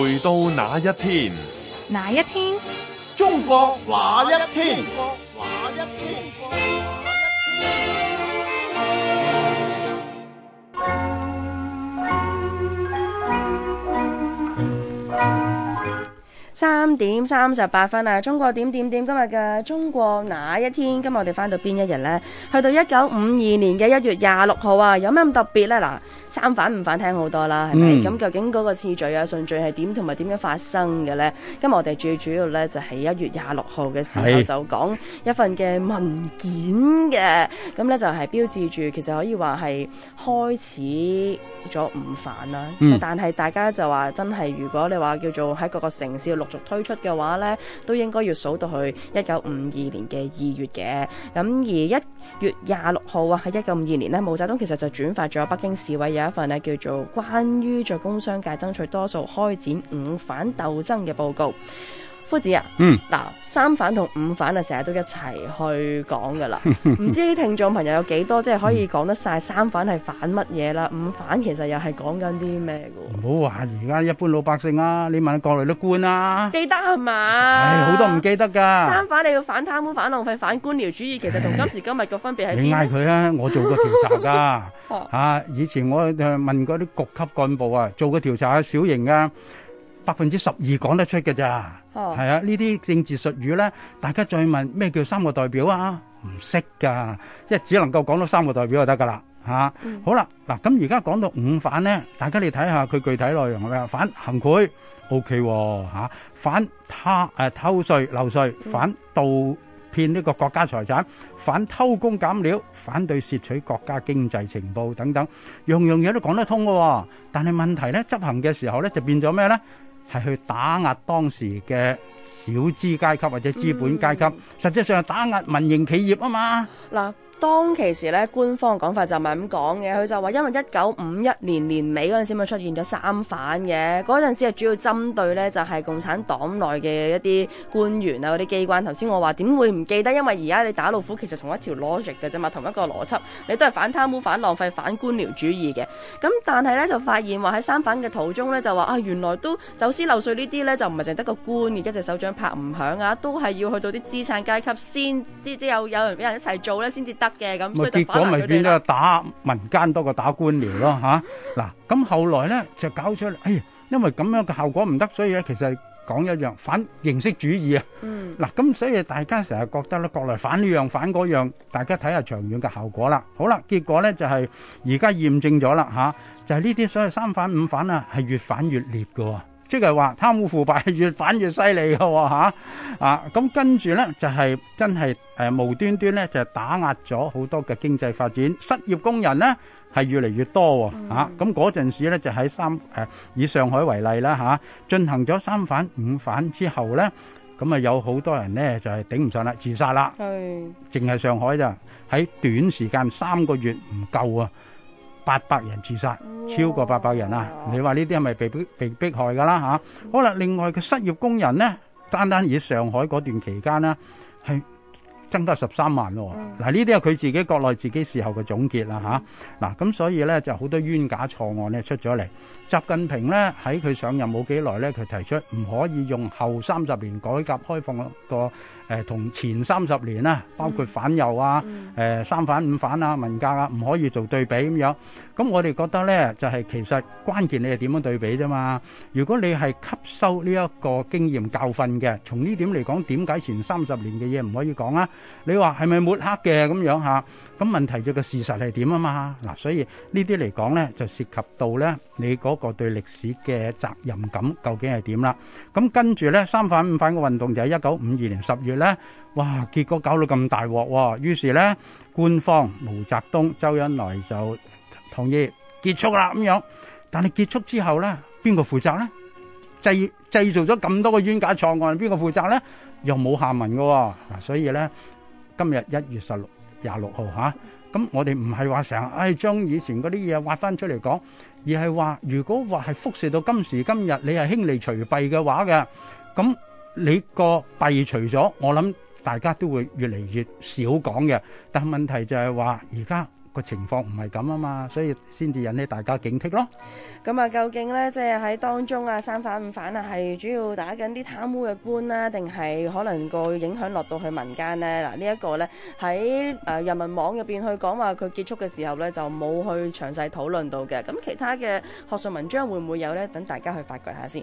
回到那一天，那一天，中國那一天？那一天，中國那一天。三點三十八分啊！中國點點點，今日嘅中國那一天？今日我哋翻到邊一日呢？去到一九五二年嘅一月廿六號啊，有咩咁特別呢？嗱。三反五反聽好多啦，係咪？咁、嗯、究竟嗰個次序啊，順序係點，同埋點樣發生嘅咧？今日我哋最主要咧就係、是、一月廿六號嘅時候就講一份嘅文件嘅，咁咧的就係標誌住其實可以話係開始咗五反啦。嗯、但係大家就話真係如果你話叫做喺各個城市陸續推出嘅話咧，都應該要數到去一九五二年嘅二月嘅。咁而一月廿六號啊，喺一九五二年咧，毛澤東其實就轉發咗北京市委有一份呢叫做《關於在工商界爭取多數開展五反鬥爭》嘅報告。夫子啊，嗱三反同五反啊，成日都一齊去講噶啦。唔知啲聽眾朋友有幾多，即係可以講得晒三反係反乜嘢啦？五反其實又係講緊啲咩噶？唔好話而家一般老百姓啊，你問國內啲官啊，記得係嘛？唉，好多唔記得噶。三反你要反貪污、反浪費、反官僚主義，其實同今時今日個分別喺邊？你嗌佢啊，我做過調查噶。吓，以前我問過啲局級幹部啊，做過調查啊，小型啊。百分之十二講得出嘅咋，係啊？呢啲政治術語咧，大家再問咩叫三個代表啊？唔識㗎，即係只能夠講到三個代表就得㗎啦嚇。好啦，嗱咁而家講到五反咧，大家你睇下佢具體內容係咩？反行賄，O K 喎嚇；反貪誒偷稅漏稅，反盜騙呢個國家財產，反偷工減料，反對竊取國家經濟情報等等，樣樣嘢都講得通嘅。但係問題咧，執行嘅時候咧就變咗咩咧？係去打壓當時嘅小資階級或者資本階級，嗯、實際上係打壓民營企業啊嘛。嗱、嗯。當其時咧，官方嘅講法就唔係咁講嘅。佢就話因為一九五一年年尾嗰陣時，咪出現咗三反嘅。嗰陣時係主要針對咧就係共產黨內嘅一啲官員啊、嗰啲機關。頭先我話點會唔記得？因為而家你打老虎其實同一條 logic 嘅啫嘛，同一個邏輯，你都係反貪污、反浪費、反官僚主義嘅。咁但係咧就發現話喺三反嘅途中咧，就話啊原來都走私漏稅呢啲咧就唔係淨得個官而一隻手掌拍唔響啊，都係要去到啲資產階級先，啲即有有人俾人一齊做咧先至得。嘅咁，所以就打佢哋。咪結果咪變咗打民間多過打官僚咯嚇。嗱咁後來咧就搞出嚟，哎呀，因為咁樣嘅效果唔得，所以咧其實講一樣反形式主義啊。嗯。嗱咁所以大家成日覺得咧國內反呢樣反嗰樣，大家睇下長遠嘅效果啦。好啦，結果咧就係而家驗證咗啦嚇，就係呢啲所謂三反五反啊，係越反越烈嘅喎。即係話貪污腐敗係越反越犀利嘅嚇，啊咁跟住咧就係真係誒無端端咧就打壓咗好多嘅經濟發展，失業工人咧係越嚟越多嚇。咁嗰陣時咧就喺三誒以上海為例啦嚇，進行咗三反五反之後咧，咁啊有好多人咧就係頂唔上啦，自殺啦，係淨係上海咋？喺短時間三個月唔夠啊！八百人自殺，超過八百人啊！你話呢啲係咪被迫被迫害噶啦吓？好啦，另外嘅失業工人咧，單單以上海嗰段期間咧，係，增加十三萬咯，嗱呢啲係佢自己國內自己事後嘅總結啦嚇，嗱咁所以呢就好多冤假錯案呢出咗嚟。習近平呢喺佢上任冇幾耐呢，佢提出唔可以用後三十年改革開放個誒同前三十年啊，包括反右啊、誒三反五反啊、文革啊，唔可以做對比咁樣。咁我哋覺得呢就係其實關鍵你係點樣對比啫嘛。如果你係吸收呢一個經驗教訓嘅，從呢點嚟講，點解前三十年嘅嘢唔可以講啊？你話係咪抹黑嘅咁樣吓？咁問題就個事實係點啊嘛？嗱，所以呢啲嚟講咧，就涉及到咧你嗰個對歷史嘅責任感究竟係點啦？咁跟住咧，三反五反個運動就係一九五二年十月咧，哇！結果搞到咁大鑊喎，於是咧官方毛澤東周恩來就同意結束啦咁樣。但係結束之後咧，邊個負責咧？製製造咗咁多個冤假錯案，邊個負責咧？又冇下文㗎嗱、哦，所以咧今日一月十六廿六號咁，啊、我哋唔係話成日誒將以前嗰啲嘢挖翻出嚟講，而係話如果話係輻射到今時今日，你係興利除弊嘅話嘅，咁你個弊除咗，我諗大家都會越嚟越少講嘅。但問題就係話而家。個情況唔係咁啊嘛，所以先至引起大家警惕咯。咁啊，究竟咧，即係喺當中啊，三反五反啊，係主要打緊啲貪污嘅官啦，定係可能個影響落到去民間咧？嗱，呢一個咧，喺誒人民網入邊去講話，佢結束嘅時候咧，就冇去詳細討論到嘅。咁其他嘅學術文章會唔會有咧？等大家去發掘下先。